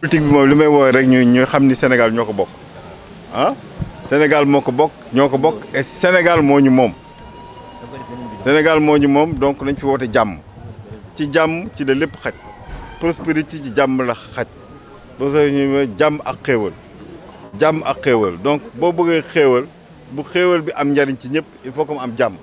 politique bi moom li may woowee rek ñu ñu xam ni Sénégal ñoo ko bokk ah Sénégal moo ko bokk ñoo ko bokk et Sénégal moo moom Sénégal mooñu moom donc nañ fi woote jàmm ci jàmm ci la lépp xaj prospérité ci jàmm la xaj boo jàmm ak xéewal jàmm ak xéewal donc boo bëggee xéewal bu xéewal bi am njariñ ci ñëpp il faut que mu am jàmm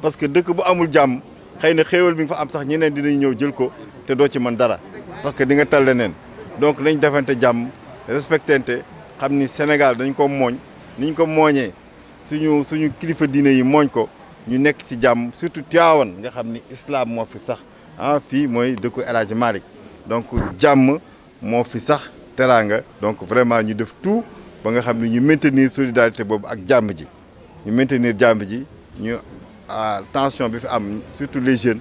parce que dëkk bu amul jàmm xëy na xéewal bi nga fa am sax ñeneen dinañ ñëw jël ko te doo ci mën dara parce que di nga tal leneen donc nañ defante jàmm respectante xam ni Sénégal dañ ko mooñ niñ ko mooñee suñu suñu kilifa diine yi mooñ ko ñu nekk ci jàmm surtout Tiwaawan nga xam ni islam moo fi sax ah fii mooy dëkku El Hadj donc jàmm moo fi sax teraanga donc vraiment ñu def tout ba nga xam ni ñu maintenir solidarité boobu ak jàmm ji ñu maintenir jàmm ji ñu ah, tension bi fi am surtout les jeunes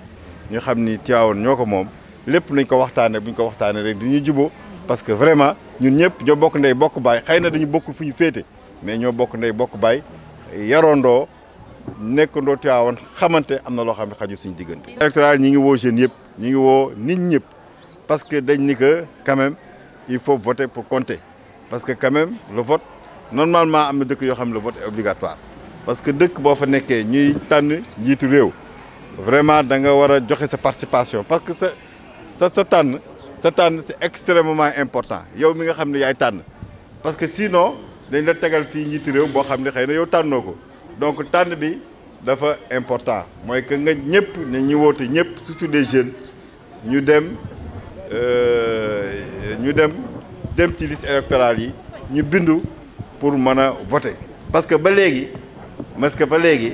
ñu xam ni Tiwaawan ñoo ko moom lépp nañ ko waxtaanee bu ñu ko waxtaanee rek di ñu juboo parce que vraiment ñun ñëpp ñoo bokk ndey bokk baay xëy na dañu bokkul fu ñu féete mais ñoo bokk ndey bokk baay yarondoo nekkandoo Tiwaawan xamante am na loo xam ne xaju suñu diggante. électoral ñi ngi woo jeunes yëpp ñi ngi woo nit ñëpp parce que dañ ni que quand il faut voter pour compter parce que quand même le vote normalement am na dëkk yoo xam ne le vote est obligatoire parce que dëkk boo fa nekkee ñuy tànn njiitu réew vraiment da nga war a joxe sa participation parce que sa. sa sa tànn sa tànn si extrêmement important yow mi nga xam ne yaay tànn parce que sinon dañ la tegal fii njiitu réew boo xam ne xëy na yow tànnoo ko donc tànn bi dafa important mooy que nga ñëpp ne ñu woote ñëpp surtout des jeunes ñu dem euh, ñu dem dem ci liste électorale yi ñu bindu pour mën a voter parce que ba léegi parce que ba léegi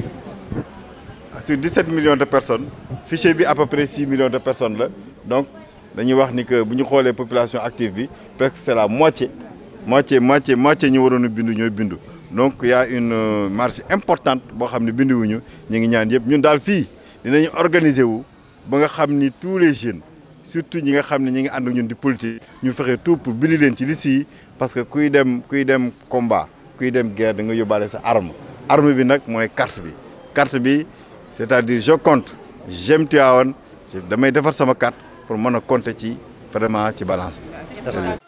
sur 17 millions de personnes fichier bi à peu près 6 millions de personnes la donc dañu wax ni que bu ñu xoolee population active bi presque c'est la moitié moitié moitié moitié ñu waroon a bindu ñooy bindu donc y a une euh, marge importante boo xam ne binduwuñu ñu ngi ñaan yëpp ñun daal fii dinañu organiser wu ba nga xam ni tous les jeunes surtout ñi nga xam ne ñu ngi ànd ñun di politique ñu fexe tout pour bindi leen ci liste yi parce que kuy dem kuy dem combat kuy dem guerre da nga yóbbaale sa arme arme bi nag mooy carte bi carte bi c'est-à-dire je compte j'aime damay defar sama carte pour mën a compter ci vraiment ci balance bi.